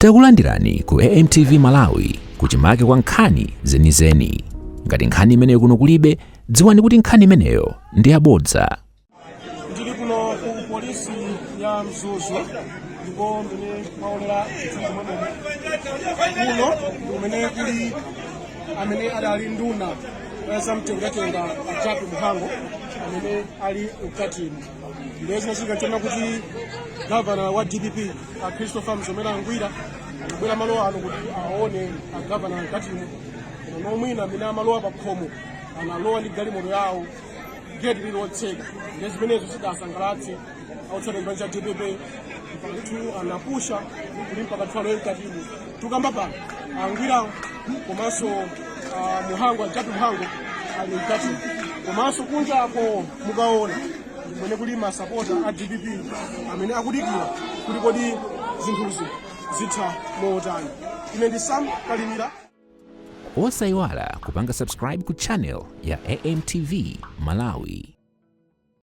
takulandirani ku AMTV Malawi kuchimake kwa nkhani zenizeni. Ngati nkhani imeneyo kuno kulibe, dziwani kuti nkhani imeneyo ndi yabodza. Ndili kuno ku polisi ya Mzuzu ndipo ndine maonera kuno kumene kuli amene adali nduna zamtengatenga achapi Muhango amene ali ukatimo. Ndezina chika chona kuti governor wa DPP uh, Christopher Mzomera Ngwira anabwera malowa ano kuti aone agavana uh, mkatimo koma nomwina amene amalowa pa khomo analowa ndi galimoto yawo geti lilotseka nde zimenezo sidasangalatse outside branch ya DPP mpakatu anapusha kuli mpakatu alowe mkatimo tukamba pano angwira uh, komanso muhango ajapi muhango ali mkatimo komanso kunja ako mukaona mwene kulima masapota a DPP amene akudikira kuti kodi zinthuzi zitha mootani ine ndi sam kalimira osayiwala kupanga subscribe ku channel ya AMTV Malawi